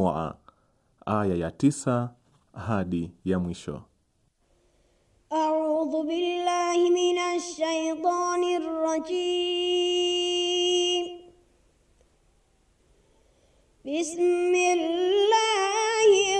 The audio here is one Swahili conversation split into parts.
Mua, aya ya tisa hadi ya mwisho. A'udhu billahi minash shaitanir rajim. Bismillahir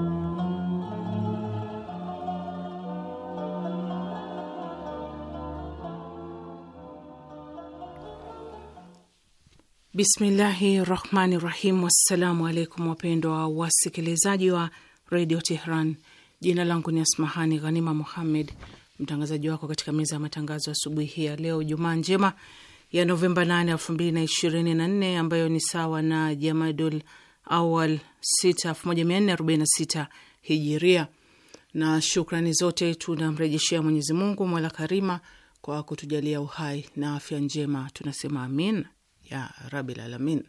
Bismillahi rahmani rahim. Wassalamu alaikum wapendwa wasikilizaji wa redio Tehran. Jina langu ni Asmahani Ghanima Muhammed, mtangazaji wako katika meza ya matangazo asubuhi hii ya leo Jumaa njema ya Novemba 8, 2024 ambayo ni sawa na Jamadul Awal 6 1446 Hijiria. Na shukrani zote tunamrejeshea Mwenyezi Mungu mwala karima kwa kutujalia uhai na afya njema, tunasema amin ya Rabil Alamin.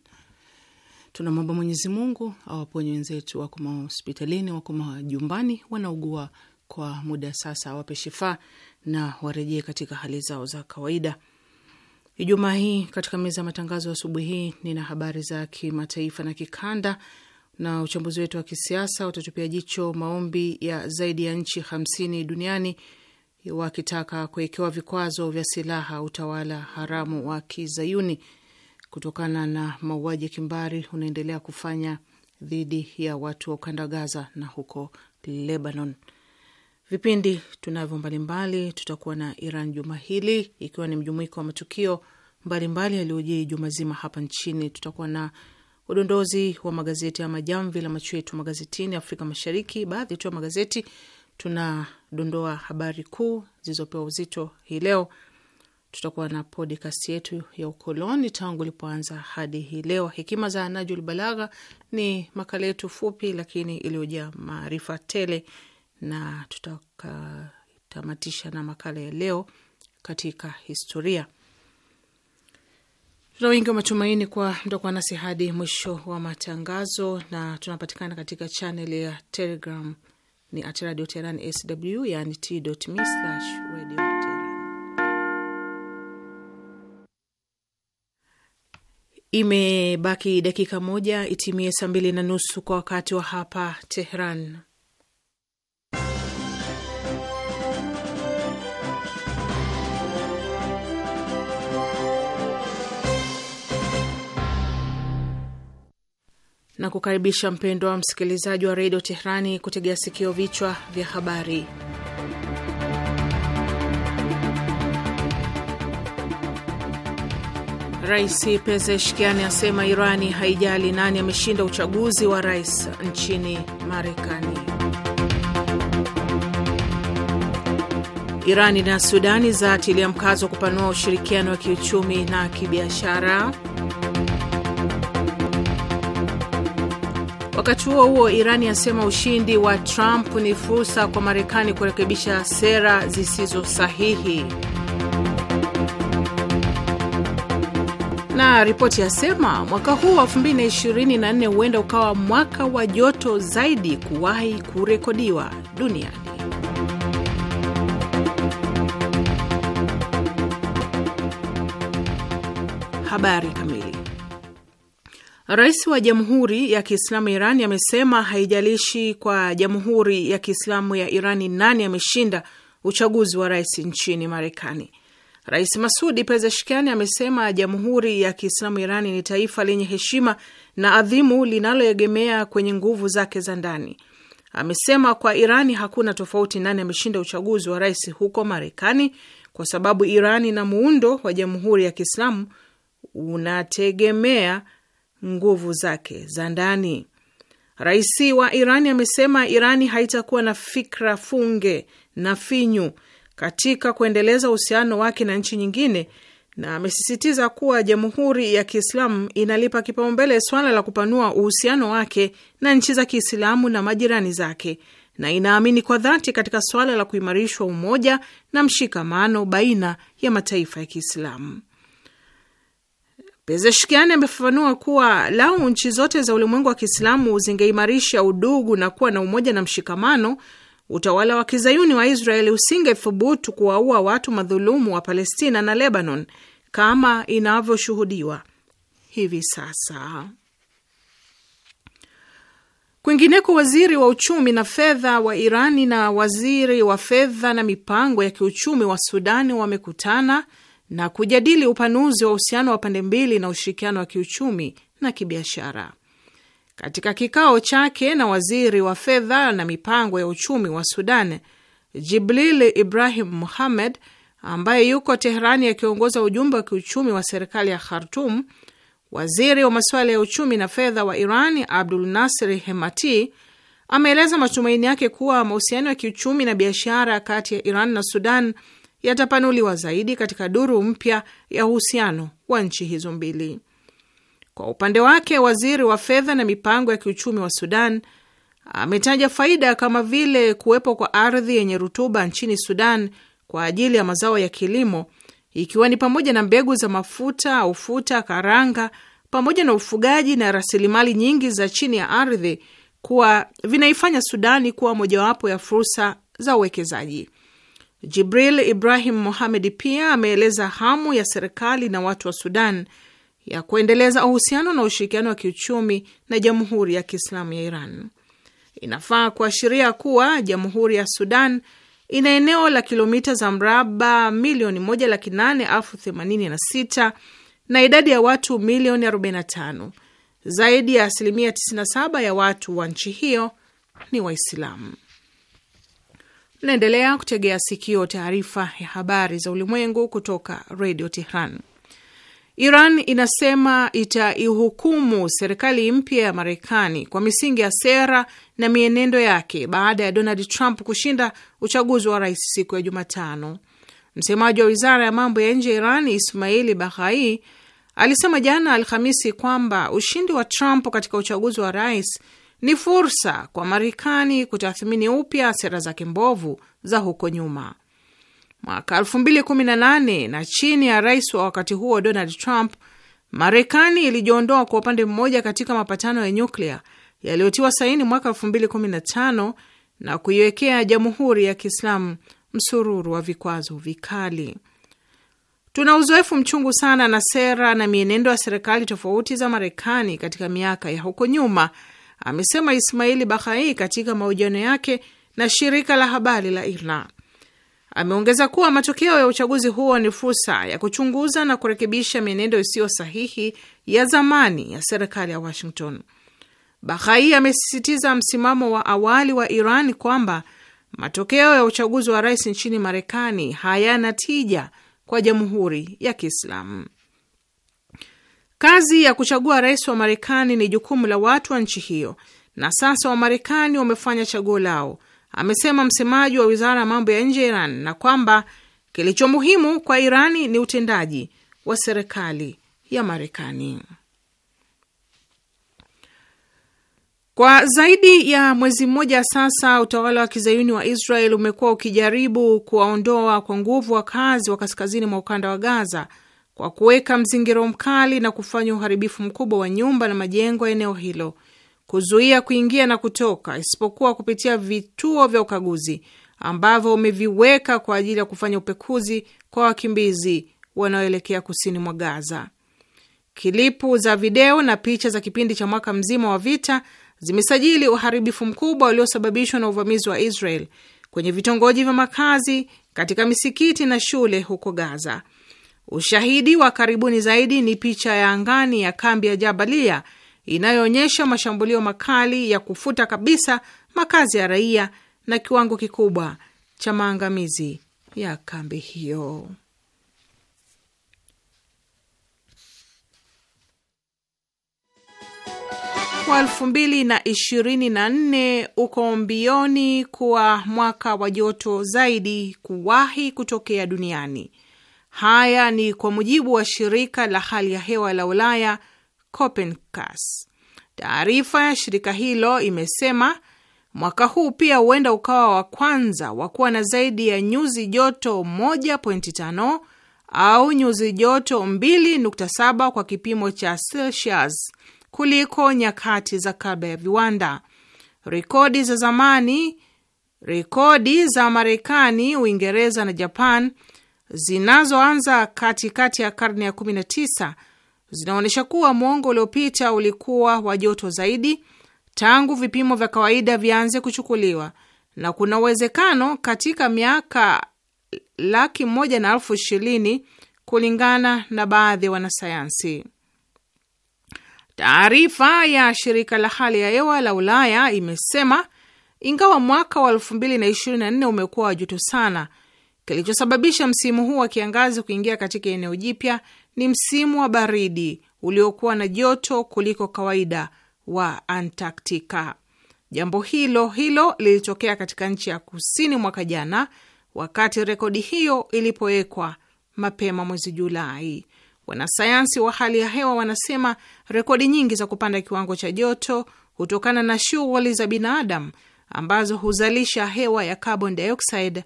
Tunamwomba Mwenyezi Mungu awaponye wenzetu wako mahospitalini, wako majumbani, wanaugua kwa muda sasa, awape shifaa na warejee katika hali zao za kawaida. Ijumaa hii katika meza ya matangazo asubuhi hii nina habari za kimataifa na kikanda, na uchambuzi wetu wa kisiasa utatupia jicho maombi ya zaidi ya nchi hamsini duniani wakitaka kuwekewa vikwazo vya silaha utawala haramu wa Kizayuni kutokana na mauaji ya kimbari unaendelea kufanya dhidi ya watu wa ukanda wa Gaza na huko Lebanon. Vipindi tunavyo mbalimbali, tutakuwa na Iran juma hili, ikiwa ni mjumuiko wa matukio mbalimbali yaliyojii juma zima hapa nchini. Tutakuwa na udondozi wa magazeti ama jamvi la macho yetu magazetini Afrika Mashariki. Baadhi tu ya magazeti tunadondoa habari kuu zilizopewa uzito hii leo tutakuwa na podcast yetu ya ukoloni tangu ilipoanza hadi hii leo. Hekima za Najul Balagha ni makala yetu fupi lakini iliyojaa maarifa tele, na tutakatamatisha na makala ya leo katika historia. Tuna wingi wa matumaini kwa mtakuwa nasi hadi mwisho wa matangazo, na tunapatikana katika chaneli ya Telegram ni at Radio Teheran sw, yani t.me/radio Imebaki dakika moja itimie saa mbili na nusu kwa wakati wa hapa Tehran. na kukaribisha mpendwa msikilizaji wa redio Teherani kutegea sikio vichwa vya habari. Rais Pezeshkiani asema Irani haijali nani ameshinda uchaguzi wa rais nchini Marekani. Irani na Sudani zati mkazo kupanua ushirikiano wa kiuchumi na kibiashara. Wakati huo huo, Irani yasema ushindi wa Trump ni fursa kwa Marekani kurekebisha sera zisizo sahihi. na ripoti yasema mwaka huu wa 2024 huenda ukawa mwaka wa joto zaidi kuwahi kurekodiwa duniani. Habari kamili. Rais wa Jamhuri ya Kiislamu ya Irani amesema haijalishi kwa Jamhuri ya Kiislamu ya Irani nani ameshinda uchaguzi wa rais nchini Marekani. Rais Masudi Pezeshkiani amesema Jamhuri ya Kiislamu Irani ni taifa lenye heshima na adhimu linaloegemea kwenye nguvu zake za ndani. Amesema kwa Irani hakuna tofauti nani ameshinda uchaguzi wa rais huko Marekani, kwa sababu Irani na muundo wa Jamhuri ya Kiislamu unategemea nguvu zake za ndani. Rais wa Irani amesema Irani haitakuwa na fikra funge na finyu katika kuendeleza uhusiano wake na nchi nyingine, na amesisitiza kuwa Jamhuri ya Kiislamu inalipa kipaumbele swala la kupanua uhusiano wake na nchi za Kiislamu na majirani zake na inaamini kwa dhati katika swala la kuimarishwa umoja na mshikamano baina ya mataifa ya Kiislamu. Pezeshkian amefafanua kuwa lau nchi zote za ulimwengu wa Kiislamu zingeimarisha udugu na kuwa na umoja na mshikamano utawala wa kizayuni wa Israeli usingethubutu kuwaua watu madhulumu wa Palestina na Lebanon kama inavyoshuhudiwa hivi sasa. Kwingineko, waziri wa uchumi na fedha wa Irani na waziri wa fedha na mipango ya kiuchumi wa Sudani wamekutana na kujadili upanuzi wa uhusiano wa pande mbili na ushirikiano wa kiuchumi na kibiashara. Katika kikao chake na waziri wa fedha na mipango ya uchumi wa Sudan, Jibril Ibrahim Muhamed, ambaye yuko Teherani akiongoza ujumbe wa kiuchumi wa serikali ya Khartum, waziri wa masuala ya uchumi na fedha wa Iran Abdul Nasir Hemati ameeleza matumaini yake kuwa mahusiano ya kiuchumi na biashara kati ya Iran na Sudan yatapanuliwa zaidi katika duru mpya ya uhusiano wa nchi hizo mbili. Kwa upande wake, waziri wa fedha na mipango ya kiuchumi wa Sudan ametaja faida kama vile kuwepo kwa ardhi yenye rutuba nchini Sudan kwa ajili ya mazao ya kilimo ikiwa ni pamoja na mbegu za mafuta, ufuta, karanga pamoja na ufugaji na rasilimali nyingi za chini ya ardhi kuwa vinaifanya Sudani kuwa mojawapo ya fursa za uwekezaji. Jibril Ibrahim Mohamed pia ameeleza hamu ya serikali na watu wa Sudan ya kuendeleza uhusiano na ushirikiano wa kiuchumi na Jamhuri ya Kiislamu ya Iran. Inafaa kuashiria kuwa Jamhuri ya Sudan ina eneo la kilomita za mraba milioni moja laki nane elfu themanini na sita na idadi ya watu milioni 45. Zaidi ya asilimia 97 ya watu wa nchi hiyo ni Waislamu. Naendelea kutegea sikio taarifa ya habari za ulimwengu kutoka Redio Tehran. Iran inasema itaihukumu serikali mpya ya Marekani kwa misingi ya sera na mienendo yake baada ya Donald Trump kushinda uchaguzi wa rais siku ya Jumatano. Msemaji wa wizara ya mambo ya nje ya Iran Ismaili Baghai alisema jana Alhamisi kwamba ushindi wa Trump katika uchaguzi wa rais ni fursa kwa Marekani kutathmini upya sera zake mbovu za huko nyuma mwaka 2018 na chini ya rais wa wakati huo Donald Trump, Marekani ilijiondoa kwa upande mmoja katika mapatano ya nyuklia yaliyotiwa saini mwaka 2015 na kuiwekea Jamhuri ya Kiislamu msururu wa vikwazo vikali. Tuna uzoefu mchungu sana na sera na mienendo ya serikali tofauti za Marekani katika miaka ya huko nyuma, amesema Ismaili Bahai katika mahojiano yake na shirika la habari la IRNA. Ameongeza kuwa matokeo ya uchaguzi huo ni fursa ya kuchunguza na kurekebisha mienendo isiyo sahihi ya zamani ya serikali ya Washington. Bahai amesisitiza msimamo wa awali wa Iran kwamba matokeo ya uchaguzi wa rais nchini Marekani hayana tija kwa jamhuri ya Kiislamu. Kazi ya kuchagua rais wa Marekani ni jukumu la watu wa nchi hiyo, na sasa Wamarekani wamefanya chaguo lao amesema msemaji wa wizara ya mambo ya nje ya Iran na kwamba kilicho muhimu kwa Irani ni utendaji wa serikali ya Marekani. Kwa zaidi ya mwezi mmoja sasa, utawala wa kizayuni wa Israel umekuwa ukijaribu kuwaondoa kwa nguvu wakazi wa kaskazini mwa ukanda wa Gaza kwa kuweka mzingiro mkali na kufanya uharibifu mkubwa wa nyumba na majengo ya eneo hilo kuzuia kuingia na kutoka isipokuwa kupitia vituo vya ukaguzi ambavyo umeviweka kwa ajili ya kufanya upekuzi kwa wakimbizi wanaoelekea kusini mwa Gaza. Kilipu za video na picha za kipindi cha mwaka mzima wa vita zimesajili uharibifu mkubwa uliosababishwa na uvamizi wa Israel kwenye vitongoji vya makazi, katika misikiti na shule huko Gaza. Ushahidi wa karibuni zaidi ni picha ya angani ya kambi ya Jabalia inayoonyesha mashambulio makali ya kufuta kabisa makazi ya raia na kiwango kikubwa cha maangamizi ya kambi hiyo. Mwaka elfu mbili na ishirini na nne uko mbioni kuwa mwaka wa joto zaidi kuwahi kutokea duniani. Haya ni kwa mujibu wa shirika la hali ya hewa la Ulaya Copencas. Taarifa ya shirika hilo imesema mwaka huu pia huenda ukawa wa kwanza wa kuwa na zaidi ya nyuzi joto 1.5 au nyuzi joto 2.7 kwa kipimo cha Celsius kuliko nyakati za kabla ya viwanda. Rekodi za zamani, rekodi za Marekani, Uingereza na Japan zinazoanza katikati ya karne ya zinaonyesha kuwa mwongo uliopita ulikuwa wa joto zaidi tangu vipimo vya kawaida vianze kuchukuliwa, na kuna uwezekano katika miaka laki moja na elfu ishirini kulingana na baadhi ya wanasayansi. Taarifa ya shirika la hali ya hewa la Ulaya imesema ingawa mwaka wa nne umekuwa wa joto sana, kilichosababisha msimu huu wa kiangazi kuingia katika eneo jipya ni msimu wa baridi uliokuwa na joto kuliko kawaida wa Antaktika. Jambo hilo hilo lilitokea katika nchi ya kusini mwaka jana, wakati rekodi hiyo ilipowekwa mapema mwezi Julai. Wanasayansi wa hali ya hewa wanasema rekodi nyingi za kupanda kiwango cha joto hutokana na shughuli za binadamu ambazo huzalisha hewa ya carbon dioxide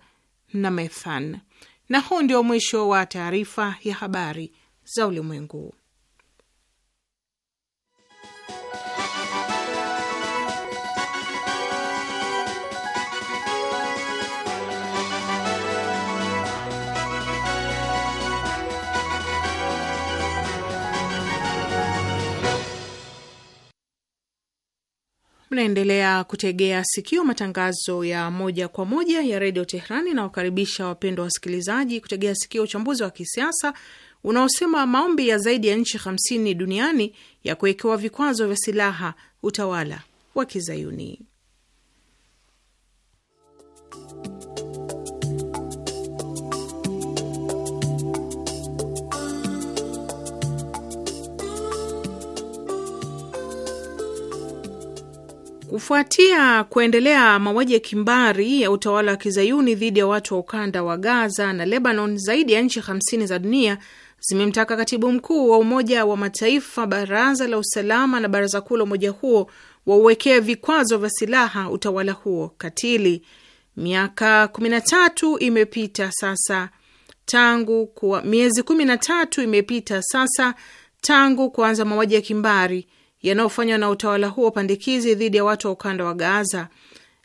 na methane. Na huu ndio mwisho wa taarifa ya habari za ulimwengu. Mnaendelea kutegea sikio matangazo ya moja kwa moja ya redio Teherani. Nawakaribisha wapendwa wasikilizaji kutegea sikio uchambuzi wa kisiasa unaosema maombi ya zaidi ya nchi 50 duniani ya kuwekewa vikwazo vya silaha utawala wa Kizayuni. Kufuatia kuendelea mauaji ya kimbari ya utawala wa Kizayuni dhidi ya watu wa ukanda wa Gaza na Lebanon, zaidi ya nchi 50 za dunia zimemtaka katibu mkuu wa Umoja wa Mataifa, Baraza la Usalama na Baraza Kuu la umoja huo wauwekee vikwazo vya silaha utawala huo katili. Miaka kumi na tatu imepita sasa tangu kuwa, miezi kumi na tatu imepita sasa tangu kuanza mauaji ya kimbari yanayofanywa na utawala huo pandikizi dhidi ya watu wa ukanda wa Gaza.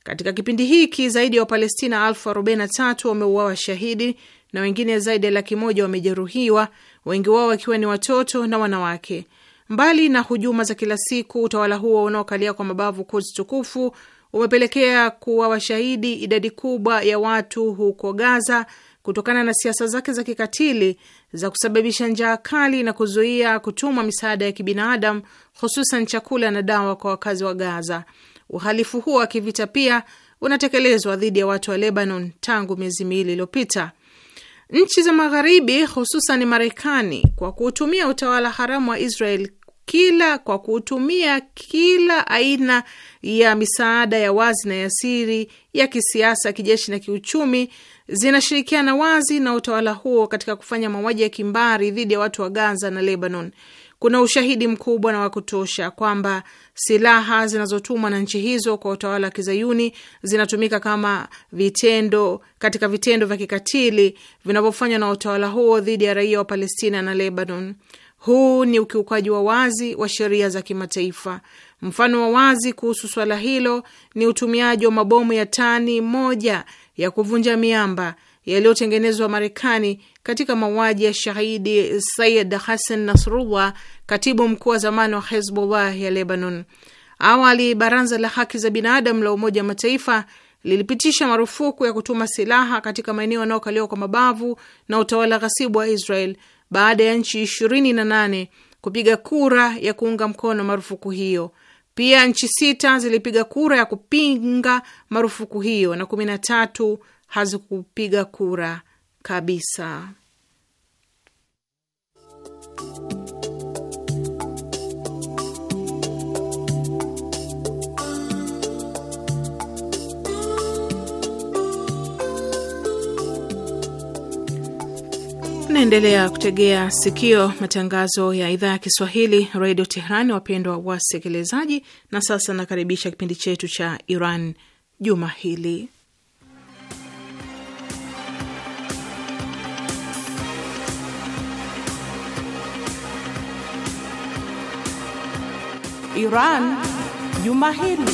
Katika kipindi hiki zaidi ya Wapalestina elfu arobaini na tatu wameuawa shahidi na wengine zaidi ya laki moja wamejeruhiwa wengi wao wakiwa ni watoto na wanawake. Mbali na hujuma za kila siku, utawala huo unaokalia kwa mabavu Quds tukufu umepelekea kuwa washahidi idadi kubwa ya watu huko Gaza kutokana na siasa zake za kikatili za kusababisha njaa kali na kuzuia kutumwa misaada ya kibinadamu hususan chakula na dawa kwa wakazi wa Gaza. Uhalifu huo wa kivita pia unatekelezwa dhidi ya watu wa Lebanon tangu miezi miwili iliyopita. Nchi za Magharibi, hususan Marekani, kwa kuutumia utawala haramu wa Israel kila kwa kuutumia kila aina ya misaada ya wazi na ya siri ya kisiasa, kijeshi na kiuchumi, zinashirikiana wazi na utawala huo katika kufanya mauaji ya kimbari dhidi ya watu wa Gaza na Lebanon. Kuna ushahidi mkubwa na wa kutosha kwamba silaha zinazotumwa na nchi hizo kwa utawala wa kizayuni zinatumika kama vitendo katika vitendo vya kikatili vinavyofanywa na utawala huo dhidi ya raia wa Palestina na Lebanon. Huu ni ukiukaji wa wazi wa sheria za kimataifa. Mfano wa wazi kuhusu swala hilo ni utumiaji wa mabomu ya tani moja ya kuvunja miamba yaliyotengenezwa Marekani katika mauaji ya shahidi Sayid Hassan Nasrullah, katibu mkuu wa zamani wa Hezbollah ya Lebanon. Awali baraza la haki za binadamu la Umoja wa Mataifa lilipitisha marufuku ya kutuma silaha katika maeneo yanayokaliwa kwa mabavu na utawala ghasibu wa Israel baada ya nchi ishirini na nane kupiga kura ya kuunga mkono marufuku hiyo. Pia nchi sita zilipiga kura ya kupinga marufuku hiyo na kumi na tatu hazikupiga kura kabisa. Naendelea kutegea sikio matangazo ya idhaa ya Kiswahili redio tehran wapendwa wasikilizaji. Na sasa nakaribisha kipindi chetu cha Iran juma hili. Iran juma hili.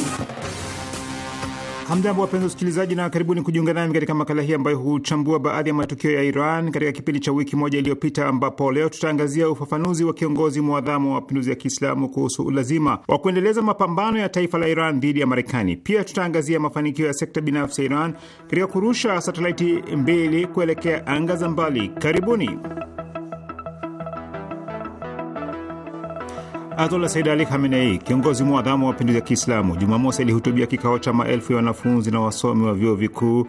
Hamjambo wapenzi usikilizaji, na karibuni kujiunga nami katika makala hii ambayo huchambua baadhi ya matukio ya Iran katika kipindi cha wiki moja iliyopita, ambapo leo tutaangazia ufafanuzi wa kiongozi mwadhamu wa mapinduzi ya Kiislamu kuhusu ulazima wa kuendeleza mapambano ya taifa la Iran dhidi ya Marekani. Pia tutaangazia mafanikio ya sekta binafsi ya Iran katika kurusha satelaiti mbili kuelekea anga za mbali. Karibuni. Ayatollah Said Ali Khamenei, kiongozi mwadhamu wa mapinduzi ya Kiislamu, Jumamosi alihutubia kikao cha maelfu ya wanafunzi na wasomi wa vyuo vikuu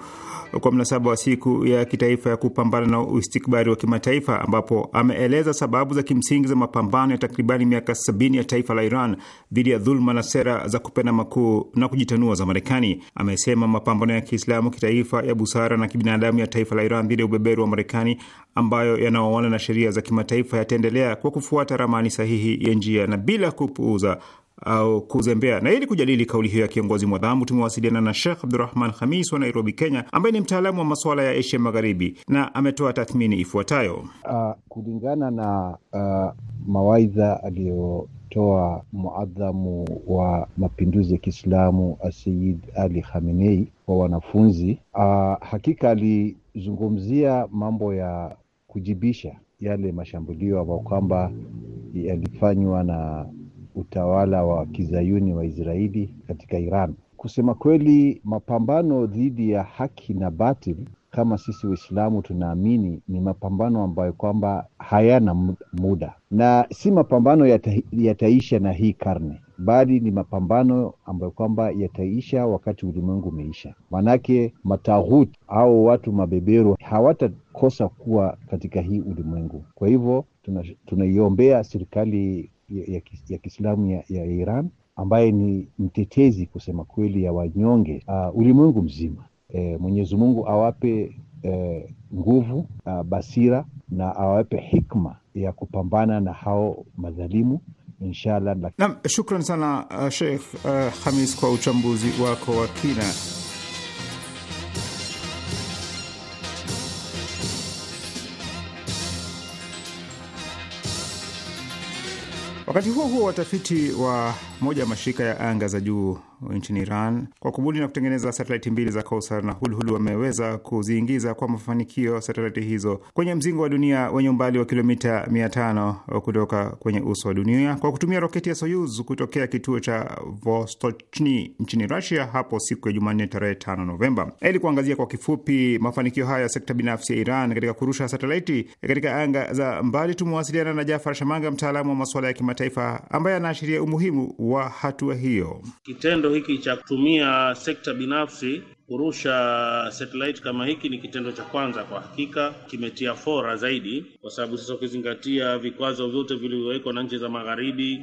kwa mnasaba wa siku ya kitaifa ya kupambana na uistikbari wa kimataifa, ambapo ameeleza sababu za kimsingi za mapambano ya takribani miaka sabini ya taifa la Iran dhidi ya dhuluma na sera za kupenda makuu na kujitanua za Marekani. Amesema mapambano ya Kiislamu, kitaifa, ya busara na kibinadamu ya taifa la Iran dhidi ya ubeberu wa Marekani, ambayo yanaoana na sheria za kimataifa, yataendelea kwa kufuata ramani sahihi ya njia na bila kupuuza au kuzembea. Na ili kujadili kauli hiyo ya kiongozi mwadhamu, tumewasiliana na Shekh Abdurahman Khamis wa Nairobi, Kenya, ambaye ni mtaalamu wa masuala ya Asia Magharibi na ametoa tathmini ifuatayo. Uh, kulingana na uh, mawaidha aliyotoa muadhamu wa mapinduzi ya Kiislamu Asayid Ali Khamenei kwa wanafunzi. uh, hakika alizungumzia mambo ya kujibisha yale mashambulio ambayo kwamba yalifanywa na utawala wa kizayuni wa Israeli katika Iran. Kusema kweli, mapambano dhidi ya haki na batili kama sisi Waislamu tunaamini ni mapambano ambayo kwamba hayana muda na si mapambano yata, yataisha na hii karne, bali ni mapambano ambayo kwamba yataisha wakati ulimwengu umeisha. Maanake matahut au watu mabeberu hawatakosa kuwa katika hii ulimwengu. Kwa hivyo tunaiombea tuna serikali ya, ya Kiislamu ya, ya Iran ambaye ni mtetezi kusema kweli ya wanyonge uh, ulimwengu mzima. E, Mwenyezi Mungu awape e, nguvu uh, basira na awape hikma ya kupambana na hao madhalimu inshallah. Naam, shukran sana uh, Sheikh uh, Hamis kwa uchambuzi wako wa kina. Wakati huo huo, watafiti wa moja ya mashirika ya anga za juu nchini Iran kwa kubuni na kutengeneza satelaiti mbili za Kausar na Hulhul wameweza kuziingiza kwa mafanikio satelaiti hizo kwenye mzingo wa dunia wenye umbali wa kilomita 500 kutoka kwenye uso wa dunia kwa kutumia roketi ya Soyuz kutokea kituo cha Vostochni nchini Rusia hapo siku ya Jumanne tarehe 5 Novemba. Ili kuangazia kwa kifupi mafanikio haya ya sekta binafsi ya Iran katika kurusha satelaiti katika anga za mbali, tumewasiliana na Jafar Shamanga, mtaalamu wa masuala ya kimataifa ambaye anaashiria umuhimu wa hatua hiyo kitendo kitendo hiki cha kutumia sekta binafsi kurusha satellite kama hiki ni kitendo cha kwanza, kwa hakika kimetia fora zaidi, kwa sababu sasa ukizingatia vikwazo vyote vilivyowekwa na nchi za magharibi,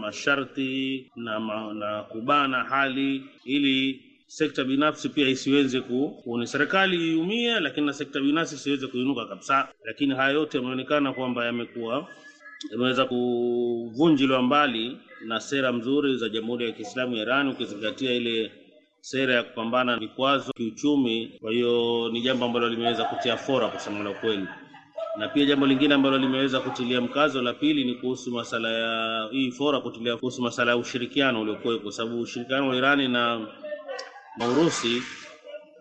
masharti na, ma, na kubana hali ili sekta binafsi pia isiweze kuone, serikali iumie, lakini na sekta binafsi isiweze kuinuka kabisa. Lakini haya yote yameonekana kwamba yamekuwa yameweza kuvunjiliwa mbali na sera mzuri za Jamhuri ya Kiislamu ya Iran ukizingatia ile sera ya kupambana na vikwazo kiuchumi. Kwa hiyo ni jambo ambalo limeweza kutia fora kusema la ukweli, na pia jambo lingine ambalo limeweza kutilia mkazo la pili ni kuhusu masala ya hii fora kutilia kuhusu masala ya ushirikiano uliokuwa, kwa sababu ushirikiano wa Irani na na Urusi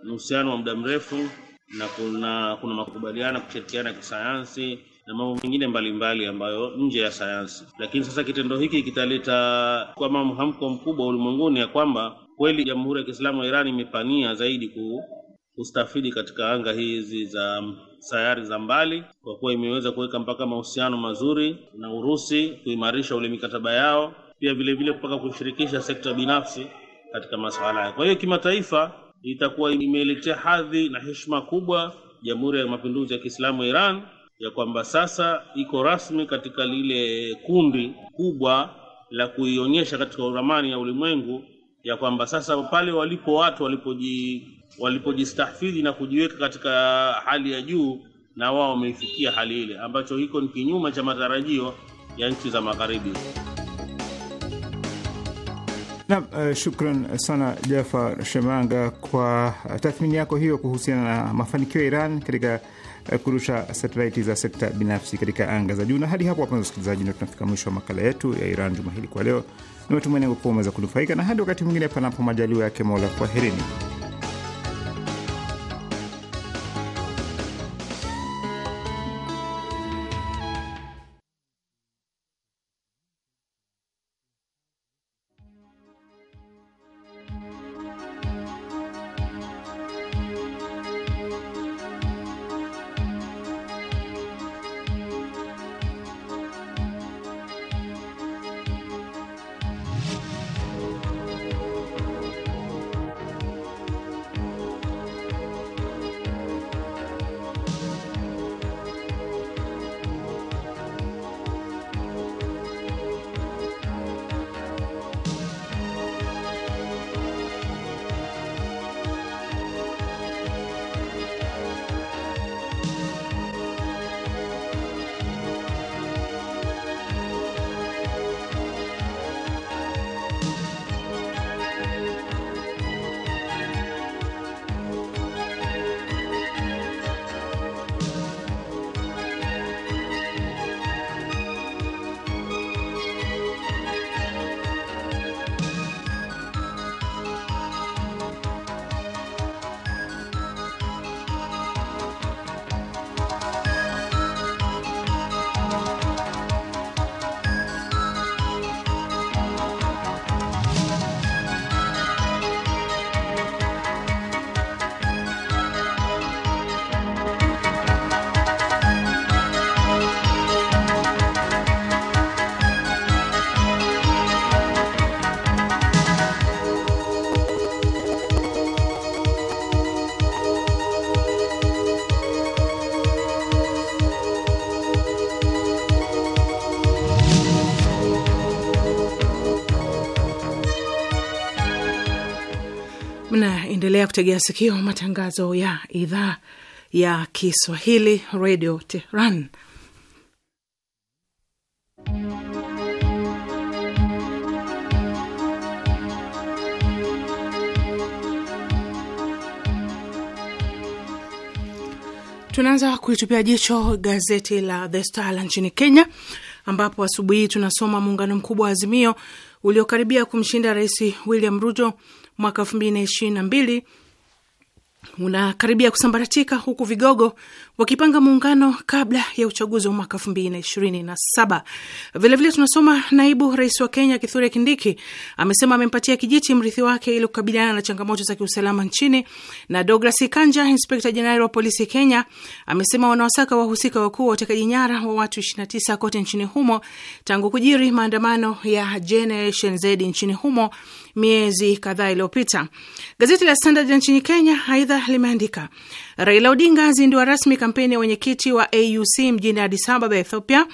ni uhusiano wa muda mrefu na kuna, kuna makubaliano kushirikiana kisayansi na mambo mengine mbalimbali ambayo nje ya sayansi. Lakini sasa kitendo hiki kitaleta kama mhamko mkubwa ulimwenguni ya kwamba kweli Jamhuri ya Kiislamu ya Iran imepania zaidi ku kustafidi katika anga hizi za mm, sayari za mbali, kwa kuwa imeweza kuweka mpaka mahusiano mazuri na Urusi, kuimarisha ule mikataba yao, pia vilevile mpaka kushirikisha sekta binafsi katika masuala hayo. Kwa hiyo kimataifa itakuwa imeletea hadhi na heshima kubwa Jamhuri ya Mapinduzi ya Kiislamu ya Iran ya kwamba sasa iko rasmi katika lile kundi kubwa la kuionyesha katika ramani ya ulimwengu ya kwamba sasa pale walipo watu walipoji walipojistahfidhi na kujiweka katika hali ya juu, na wao wameifikia hali ile, ambacho hiko ni kinyuma cha matarajio ya nchi za Magharibi. Nam uh, eh, shukran sana Jafar Shemanga kwa tathmini yako hiyo kuhusiana na mafanikio ya Iran katika Eh, kurusha satelaiti za sekta binafsi katika anga za juu. Na hadi hapo, wapenzi wasikilizaji, ndio tunafika mwisho wa makala yetu ya Iran juma hili kwa leo. Ni matumaini yangu kuwa umeweza kunufaika, na hadi wakati mwingine, panapo majaliwa yake Mola, kwaherini. Mnaendelea kutegea sikio matangazo ya idhaa ya Kiswahili Radio Tehran. Tunaanza kuitupia jicho gazeti la The Star la nchini Kenya, ambapo asubuhi hii tunasoma muungano mkubwa wa Azimio uliokaribia kumshinda Rais William Ruto mwaka elfu mbili na ishirini na mbili unakaribia kusambaratika huku vigogo wakipanga muungano kabla ya uchaguzi wa mwaka elfu mbili na ishirini na saba. Vilevile tunasoma naibu rais wa Kenya Kithure Kindiki amesema amempatia kijiti mrithi wake ili kukabiliana na changamoto za kiusalama nchini. Na Douglas Kanja, inspekta jenerali wa polisi Kenya, amesema wanawasaka wahusika wakuu wa utekaji nyara wa watu 29 kote nchini humo tangu kujiri maandamano ya Generation Z nchini humo miezi kadhaa iliyopita. Gazeti la Standard nchini Kenya aidha limeandika Raila Odinga azindua rasmi kampeni ya wenyekiti wa AUC mjini Addis Ababa, Ethiopia.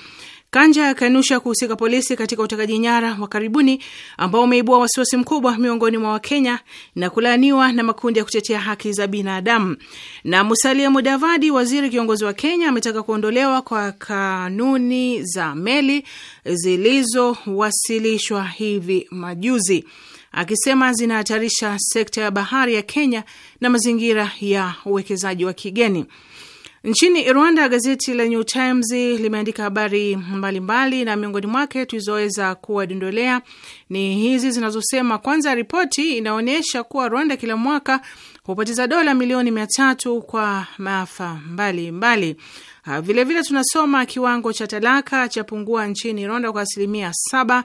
Kanja akanusha kuhusika polisi katika utekaji nyara wa karibuni ambao umeibua wasiwasi mkubwa miongoni mwa Wakenya na kulaaniwa na makundi ya kutetea haki za binadamu. Na Musalia Mudavadi, waziri kiongozi wa Kenya, ametaka kuondolewa kwa kanuni za meli zilizowasilishwa hivi majuzi akisema zinahatarisha sekta ya bahari ya Kenya na mazingira ya uwekezaji wa kigeni. Nchini Rwanda, gazeti la New Times limeandika habari mbalimbali na miongoni mwake tulizoweza kuwadondolea ni hizi zinazosema: kwanza, ripoti inaonyesha kuwa Rwanda kila mwaka hupoteza dola milioni mia tatu kwa maafa mbalimbali. Vilevile ah, tunasoma kiwango cha talaka cha pungua nchini Rwanda kwa asilimia saba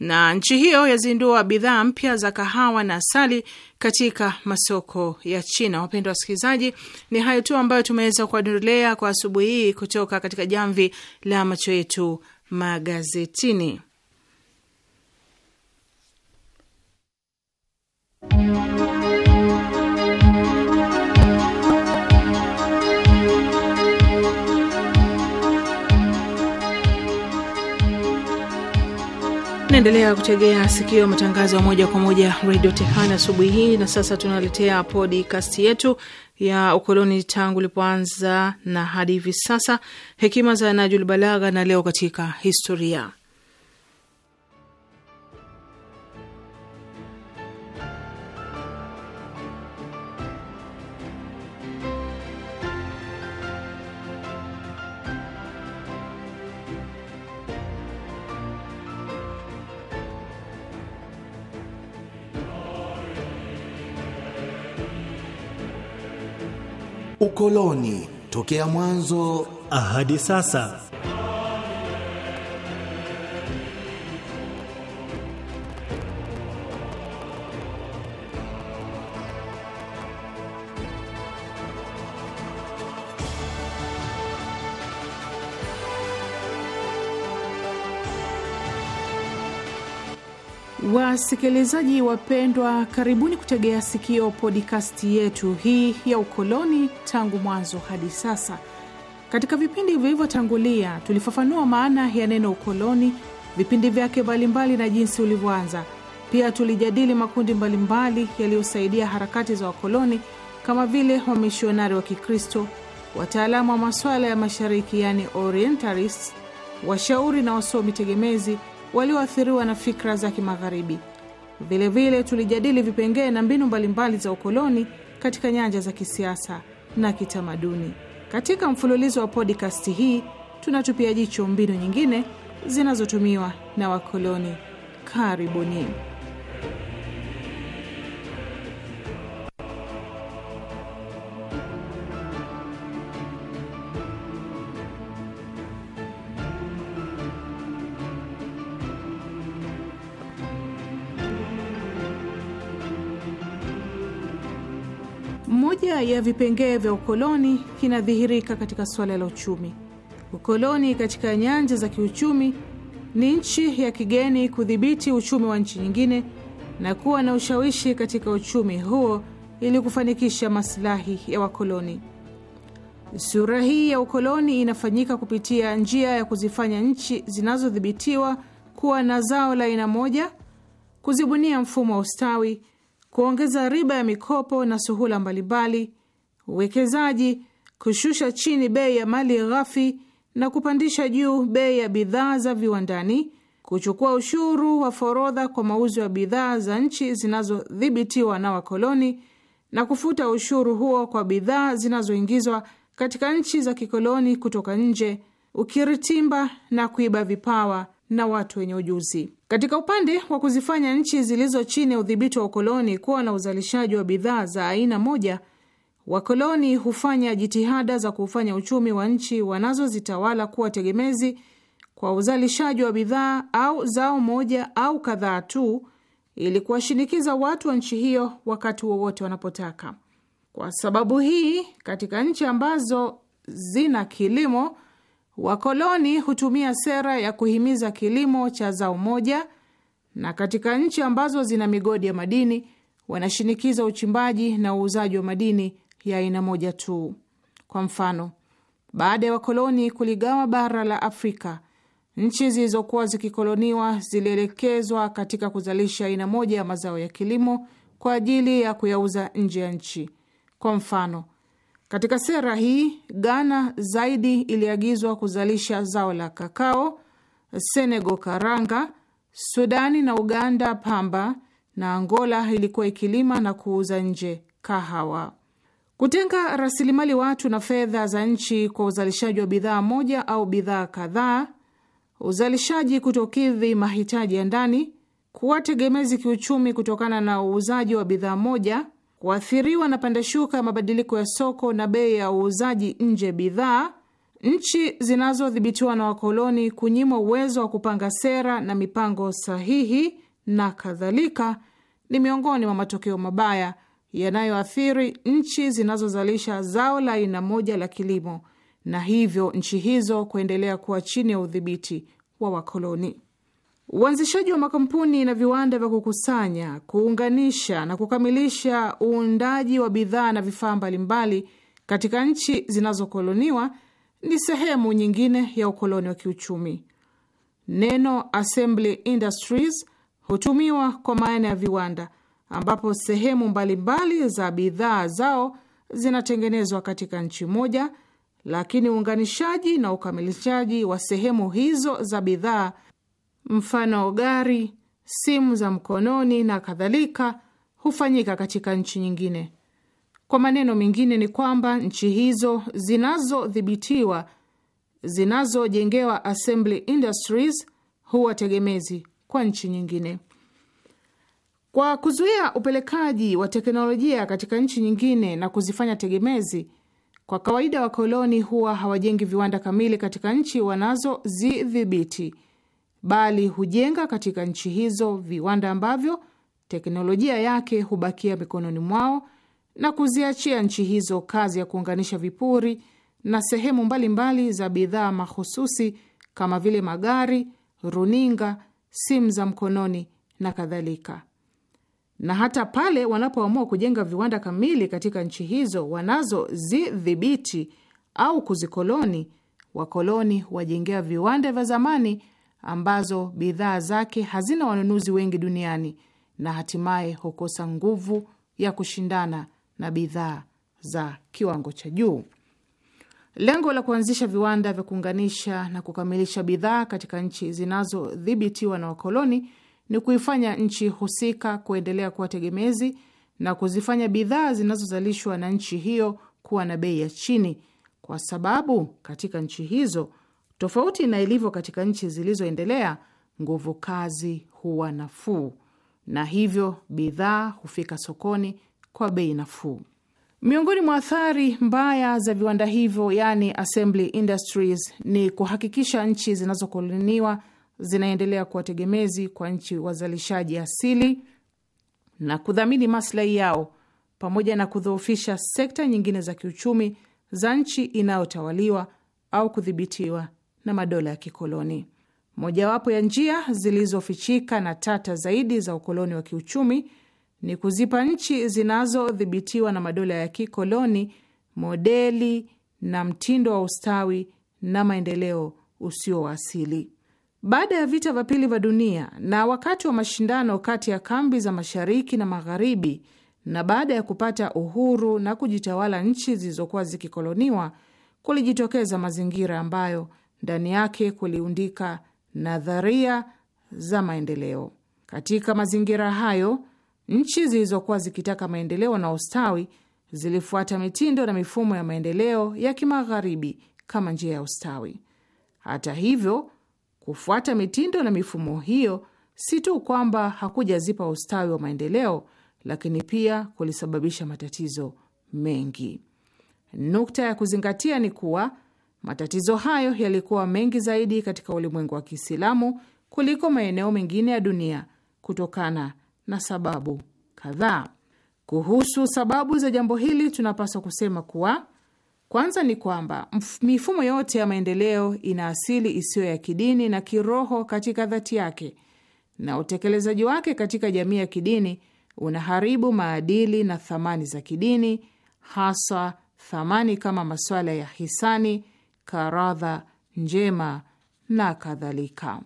na nchi hiyo yazindua bidhaa mpya za kahawa na asali katika masoko ya China. Wapendwa wasikilizaji, ni hayo tu ambayo tumeweza kuwadondolea kwa asubuhi hii kutoka katika jamvi la macho yetu magazetini. Mnaendelea kutegea sikio matangazo ya moja kwa moja redio Tehran asubuhi hii, na sasa tunaletea podcast yetu ya ukoloni tangu ulipoanza na hadi hivi sasa, hekima za Najul Balagha na leo katika historia. ukoloni tokea mwanzo hadi sasa. Wasikilizaji wapendwa, karibuni kutegea sikio podikasti yetu hii ya ukoloni tangu mwanzo hadi sasa. Katika vipindi vilivyotangulia tulifafanua maana ya neno ukoloni, vipindi vyake mbalimbali na jinsi ulivyoanza. Pia tulijadili makundi mbalimbali yaliyosaidia harakati za wakoloni kama vile wamishonari wa Kikristo, wataalamu wa masuala ya mashariki, yani orientalists, washauri na wasomi tegemezi walioathiriwa na fikra za Kimagharibi. Vilevile tulijadili vipengee na mbinu mbalimbali za ukoloni katika nyanja za kisiasa na kitamaduni. Katika mfululizo wa podkasti hii tunatupia jicho mbinu nyingine zinazotumiwa na wakoloni. Karibuni. ya vipengee vya ukoloni kinadhihirika katika suala la uchumi. Ukoloni katika nyanja za kiuchumi ni nchi ya kigeni kudhibiti uchumi wa nchi nyingine na kuwa na ushawishi katika uchumi huo ili kufanikisha maslahi ya wakoloni. Sura hii ya ukoloni inafanyika kupitia njia ya kuzifanya nchi zinazodhibitiwa kuwa na zao la aina moja, kuzibunia mfumo wa ustawi kuongeza riba ya mikopo na suhula mbalimbali, uwekezaji, kushusha chini bei ya mali ghafi na kupandisha juu bei ya bidhaa za viwandani, kuchukua ushuru wa forodha kwa mauzo ya bidhaa za nchi zinazodhibitiwa na wakoloni na kufuta ushuru huo kwa bidhaa zinazoingizwa katika nchi za kikoloni kutoka nje, ukiritimba na kuiba vipawa na watu wenye ujuzi. Katika upande wa kuzifanya nchi zilizo chini ya udhibiti wa ukoloni kuwa na uzalishaji wa bidhaa za aina moja, wakoloni hufanya jitihada za kuufanya uchumi wa nchi wanazozitawala kuwa tegemezi kwa uzalishaji wa bidhaa au zao moja au kadhaa tu, ili kuwashinikiza watu wa nchi hiyo wakati wowote wanapotaka. Kwa sababu hii, katika nchi ambazo zina kilimo Wakoloni hutumia sera ya kuhimiza kilimo cha zao moja, na katika nchi ambazo zina migodi ya madini wanashinikiza uchimbaji na uuzaji wa madini ya aina moja tu. Kwa mfano, baada ya wakoloni kuligawa bara la Afrika, nchi zilizokuwa zikikoloniwa zilielekezwa katika kuzalisha aina moja ya mazao ya kilimo kwa ajili ya kuyauza nje ya nchi. Kwa mfano, katika sera hii, Ghana zaidi iliagizwa kuzalisha zao la kakao, Senegal karanga, Sudani na Uganda pamba, na Angola ilikuwa ikilima na kuuza nje kahawa. Kutenga rasilimali watu na fedha za nchi kwa uzalishaji wa bidhaa moja au bidhaa kadhaa, uzalishaji kutokidhi mahitaji ya ndani, kuwa tegemezi kiuchumi kutokana na uuzaji wa bidhaa moja kuathiriwa na shuka ya mabadiliko ya soko na bei ya uuzaji nje bidhaa, nchi zinazodhibitiwa na wakoloni kunyimwa uwezo wa kupanga sera na mipango sahihi na kadhalika, ni miongoni mwa matokeo mabaya yanayoathiri nchi zinazozalisha zao la aina moja la kilimo, na hivyo nchi hizo kuendelea kuwa chini ya udhibiti wa wakoloni. Uanzishaji wa makampuni na viwanda vya kukusanya, kuunganisha na kukamilisha uundaji wa bidhaa na vifaa mbalimbali katika nchi zinazokoloniwa ni sehemu nyingine ya ukoloni wa kiuchumi. Neno assembly industries hutumiwa kwa maana ya viwanda, ambapo sehemu mbalimbali za bidhaa zao zinatengenezwa katika nchi moja, lakini uunganishaji na ukamilishaji wa sehemu hizo za bidhaa mfano gari, simu za mkononi na kadhalika, hufanyika katika nchi nyingine. Kwa maneno mengine, ni kwamba nchi hizo zinazodhibitiwa, zinazojengewa assembly industries huwa tegemezi kwa nchi nyingine. Kwa kuzuia upelekaji wa teknolojia katika nchi nyingine na kuzifanya tegemezi, kwa kawaida wakoloni huwa hawajengi viwanda kamili katika nchi wanazozidhibiti bali hujenga katika nchi hizo viwanda ambavyo teknolojia yake hubakia mikononi mwao na kuziachia nchi hizo kazi ya kuunganisha vipuri na sehemu mbalimbali mbali za bidhaa mahususi kama vile magari, runinga, simu za mkononi na kadhalika. Na hata pale wanapoamua kujenga viwanda kamili katika nchi hizo wanazozidhibiti au kuzikoloni, wakoloni wajengea viwanda vya zamani ambazo bidhaa zake hazina wanunuzi wengi duniani na hatimaye hukosa nguvu ya kushindana na bidhaa za kiwango cha juu. Lengo la kuanzisha viwanda vya kuunganisha na kukamilisha bidhaa katika nchi zinazodhibitiwa na wakoloni ni kuifanya nchi husika kuendelea kuwa tegemezi na kuzifanya bidhaa zinazozalishwa na nchi hiyo kuwa na bei ya chini, kwa sababu katika nchi hizo Tofauti na ilivyo katika nchi zilizoendelea, nguvu kazi huwa nafuu na hivyo bidhaa hufika sokoni kwa bei nafuu. Miongoni mwa athari mbaya za viwanda hivyo, yaani assembly industries, ni kuhakikisha nchi zinazokoloniwa zinaendelea kuwa tegemezi kwa nchi wazalishaji asili na kudhamini maslahi yao, pamoja na kudhoofisha sekta nyingine za kiuchumi za nchi inayotawaliwa au kudhibitiwa na madola ya kikoloni. Mojawapo ya njia zilizofichika na tata zaidi za ukoloni wa kiuchumi ni kuzipa nchi zinazodhibitiwa na madola ya kikoloni modeli na mtindo wa ustawi na maendeleo usio wa asili. Baada ya vita vya pili vya dunia na wakati wa mashindano kati ya kambi za mashariki na magharibi, na baada ya kupata uhuru na kujitawala nchi zilizokuwa zikikoloniwa, kulijitokeza mazingira ambayo ndani yake kuliundika nadharia za maendeleo. Katika mazingira hayo, nchi zilizokuwa zikitaka maendeleo na ustawi zilifuata mitindo na mifumo ya maendeleo ya kimagharibi kama njia ya ustawi. Hata hivyo, kufuata mitindo na mifumo hiyo si tu kwamba hakujazipa ustawi wa maendeleo, lakini pia kulisababisha matatizo mengi. Nukta ya kuzingatia ni kuwa Matatizo hayo yalikuwa mengi zaidi katika ulimwengu wa Kiislamu kuliko maeneo mengine ya dunia kutokana na sababu kadhaa. Kuhusu sababu za jambo hili, tunapaswa kusema kuwa kwanza ni kwamba mifumo yote ya maendeleo ina asili isiyo ya kidini na kiroho katika dhati yake, na utekelezaji wake katika jamii ya kidini unaharibu maadili na thamani za kidini, hasa thamani kama masuala ya hisani karadha njema na kadhalika.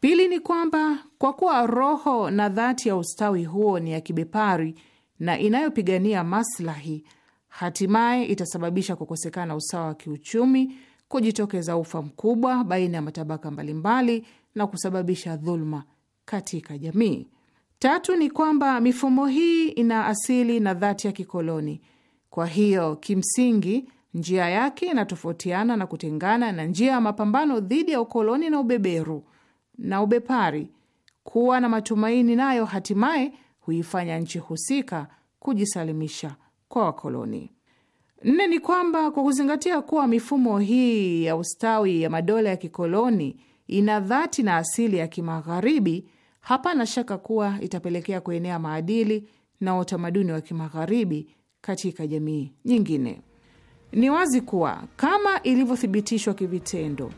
Pili ni kwamba kwa kuwa roho na dhati ya ustawi huo ni ya kibepari na inayopigania maslahi, hatimaye itasababisha kukosekana usawa wa kiuchumi, kujitokeza ufa mkubwa baina ya matabaka mbalimbali na kusababisha dhuluma katika jamii. Tatu ni kwamba mifumo hii ina asili na dhati ya kikoloni. Kwa hiyo kimsingi njia yake inatofautiana na kutengana na njia ya mapambano dhidi ya ukoloni na ubeberu na ubepari. Kuwa na matumaini nayo hatimaye huifanya nchi husika kujisalimisha kwa wakoloni. Nne ni kwamba kwa kuzingatia kuwa mifumo hii ya ustawi ya madola ya kikoloni ina dhati na asili ya kimagharibi, hapana shaka kuwa itapelekea kuenea maadili na utamaduni wa kimagharibi katika jamii nyingine. Ni wazi kuwa kama ilivyothibitishwa kivitendo,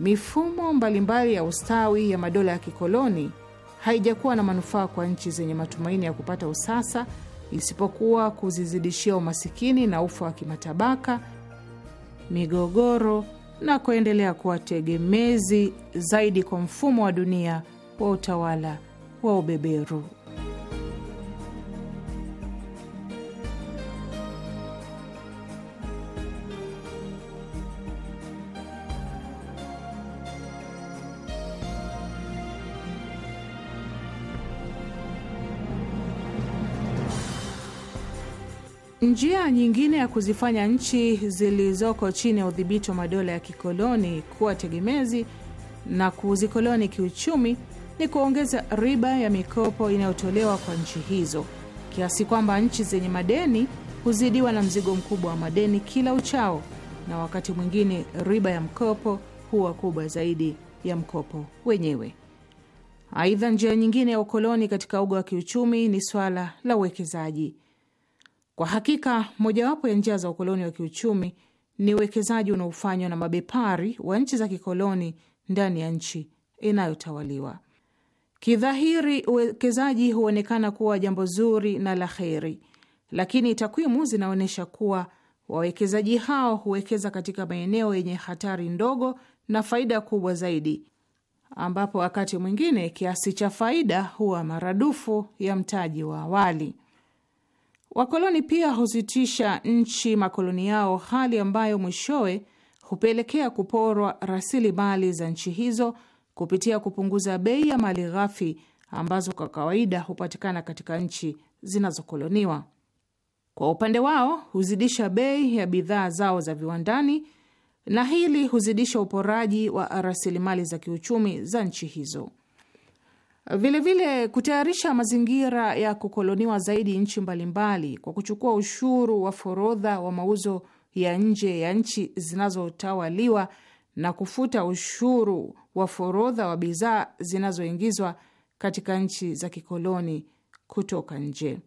mifumo mbalimbali ya ustawi ya madola ya kikoloni haijakuwa na manufaa kwa nchi zenye matumaini ya kupata usasa, isipokuwa kuzizidishia umasikini na ufa wa kimatabaka, migogoro na kuendelea kuwa tegemezi zaidi kwa mfumo wa dunia wa utawala wa ubeberu. Njia nyingine ya kuzifanya nchi zilizoko chini ya udhibiti wa madola ya kikoloni kuwa tegemezi na kuzikoloni kiuchumi ni kuongeza riba ya mikopo inayotolewa kwa nchi hizo, kiasi kwamba nchi zenye madeni huzidiwa na mzigo mkubwa wa madeni kila uchao, na wakati mwingine riba ya mkopo huwa kubwa zaidi ya mkopo wenyewe. Aidha, njia nyingine ya ukoloni katika uga wa kiuchumi ni swala la uwekezaji. Kwa hakika mojawapo ya njia za ukoloni wa kiuchumi ni uwekezaji unaofanywa na mabepari wa nchi za kikoloni ndani ya nchi inayotawaliwa. Kidhahiri, uwekezaji huonekana kuwa jambo zuri na la heri, lakini takwimu zinaonyesha kuwa wawekezaji hao huwekeza katika maeneo yenye hatari ndogo na faida kubwa zaidi, ambapo wakati mwingine kiasi cha faida huwa maradufu ya mtaji wa awali. Wakoloni pia huzitisha nchi makoloni yao, hali ambayo mwishowe hupelekea kuporwa rasilimali za nchi hizo kupitia kupunguza bei ya mali ghafi ambazo kwa kawaida hupatikana katika nchi zinazokoloniwa. Kwa upande wao, huzidisha bei ya bidhaa zao za viwandani na hili huzidisha uporaji wa rasilimali za kiuchumi za nchi hizo. Vilevile kutayarisha mazingira ya kukoloniwa zaidi nchi mbalimbali kwa kuchukua ushuru wa forodha wa mauzo ya nje ya nchi zinazotawaliwa na kufuta ushuru wa forodha wa bidhaa zinazoingizwa katika nchi za kikoloni kutoka nje.